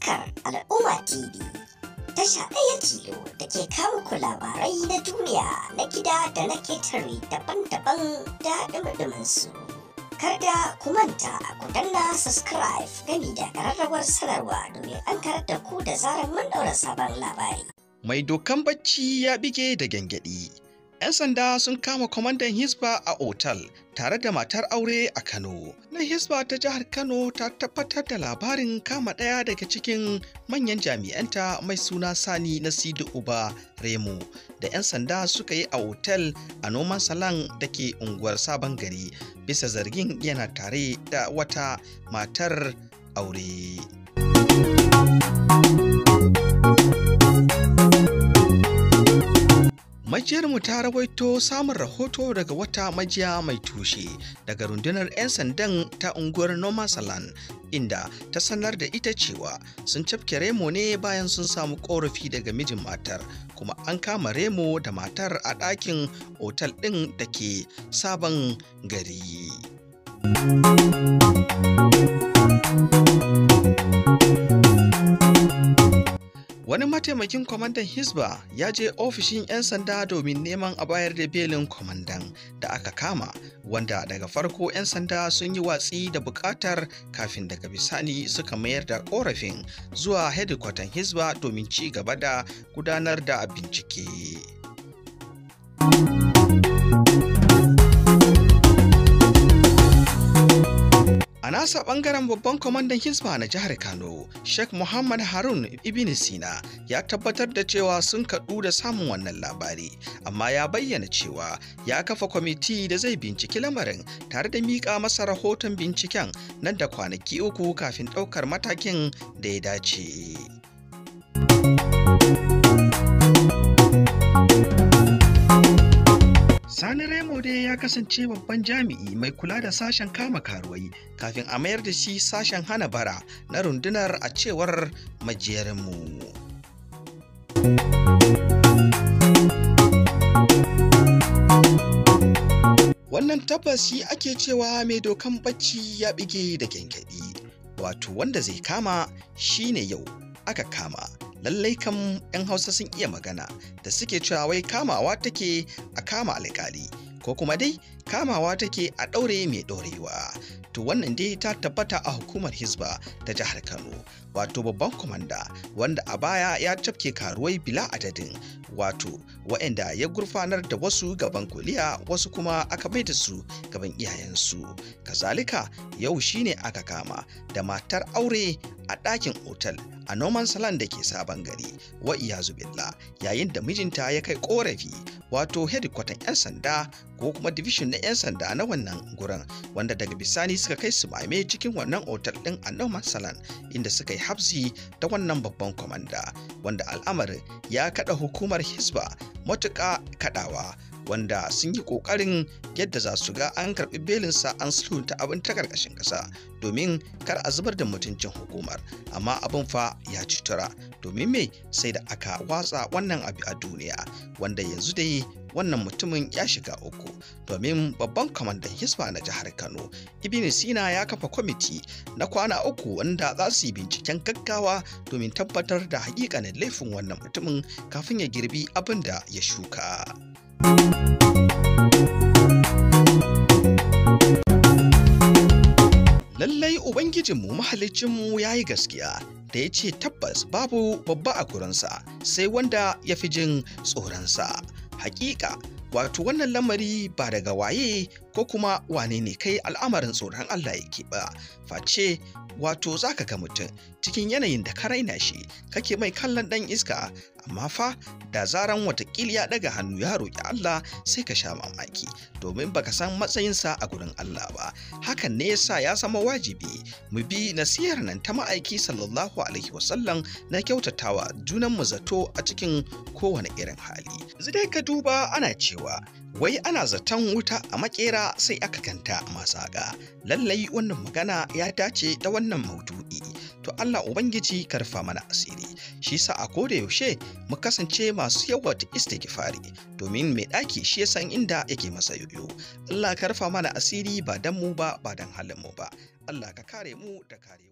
al al'umma tv tasha ɗaya tilo da ke kawo ku labarai na duniya na gida da na ketare daban-daban da ɗumɗumin su kada ku manta ku danna subscribe gani da ƙararrawar sanarwa domin an karar da ku da zarar mun ɗaura sabon labari mai dokan bacci ya bige da gyangyaɗi 'Yan sanda sun kama kwamandan Hisba a otal tare da matar aure a Kano. Na Hisba ta jihar Kano ta tabbatar da labarin kama ɗaya daga cikin manyan jami'anta mai suna Sani na Sidi Uba Remo da 'yan sanda suka yi a otal a noman salan da ke unguwar Sabon Gari bisa zargin yana tare da wata matar aure. mu ta rawaito samun rahoto daga wata majiya mai tushe daga rundunar 'yan sandan ta unguwar Nomasalan inda ta sanar da ita cewa sun cafke Remo ne bayan sun samu korafi daga mijin matar kuma an kama Remo da matar a ɗakin otal ɗin da ke sabon gari. Wani mataimakin kwamandan Hisba ya je ofishin 'yan sanda domin neman a bayar da belin kwamandan da aka kama, wanda daga farko 'yan sanda sun yi watsi da bukatar kafin daga bisani suka mayar da korafin zuwa hedikwatan Hisba domin ci gaba da gudanar da bincike. A nasa ɓangaren babban kwamandan Hizba na jihar Kano, Sheikh Muhammad Harun Ibn Sina ya tabbatar da cewa sun kaɗu da samun wannan labari, amma ya bayyana cewa ya kafa kwamiti da zai binciki lamarin tare da miƙa masa rahoton binciken nan da kwanaki uku kafin ɗaukar matakin da ya dace. ya kasance babban jami'i mai kula da sashen kama karuwai kafin a mayar da shi sashen hana bara na rundunar a cewar majiyarmu. Wannan tabbas shi ake cewa mai dokan bacci ya bige da kyankyaɗi wato wanda zai kama shi ne yau aka kama. lallai kam 'yan hausa sun iya magana da suke cewa wai kamawa take a kama alƙali. ko kamawa take a ɗaure mai ɗorewa to wannan dai ta tabbata a hukumar hisba ta jihar kano wato babban kwamanda wanda a baya ya cafke karuwai bila adadin wato waɗanda ya gurfanar da wasu gaban kuliya wasu kuma aka mai da su gaban iyayensu kazalika yau shine aka kama da matar aure a ɗakin otal a noman salon da ke sabon gari wa iya yayin da mijinta ya kai ƙorafi wato hedikwatan 'yan sanda ko kuma division na 'yan sanda na wannan gurin wanda daga bisani suka kai su mame cikin wannan otal ɗin a noman Salan inda suka yi hafsi ta wannan babban kwamanda wanda al'amar ya kaɗa hukumar Hisba matuƙa kaɗawa wanda sun yi ƙoƙarin yadda za su ga an karɓi belinsa an sulhunta abin ta ƙarƙashin ƙasa domin kar a zubar da mutuncin hukumar amma abin fa ya ci tura domin me sai da aka watsa wannan abu a duniya wanda yanzu dai wannan mutumin ya shiga uku domin babban kwamandan hisba na jihar kano ibn sina ya kafa kwamiti na kwana uku wanda za su yi binciken gaggawa domin tabbatar da hakikanin laifin wannan mutumin kafin ya girbi abin da ya shuka. Lallai Ubangijinmu mahaliccinmu ya yi gaskiya da ya ce tabbas babu babba a kuransa sai wanda ya fi jin tsoronsa. Hakika wato wannan lamari ba daga waye ko kuma wane ne kai al'amarin tsoron Allah yake ba face wato zaka ga mutum cikin yanayin da ka raina shi kake mai kallon ɗan iska amma fa da zaran watakil ya daga hannu ya roƙi Allah sai ka sha mamaki domin baka san matsayinsa a gurin Allah ba hakan ne yasa ya zama wajibi mu bi nasihar nan ta ma'aiki sallallahu alaihi wasallam na kyautatawa junan mu zato a cikin kowane irin hali zai ka duba ana cewa wai ana zaton wuta a makera sai aka kanta masaga lallai wannan magana ya dace da wannan maudu to Allah Ubangiji karfa mana asiri shi sa a koda yaushe mu kasance masu yawat istighfari domin mai ɗaki shi ya san inda yake masa yoyo Allah karfa mana asiri ba dan mu ba ba dan halin mu ba Allah ka kare mu da kare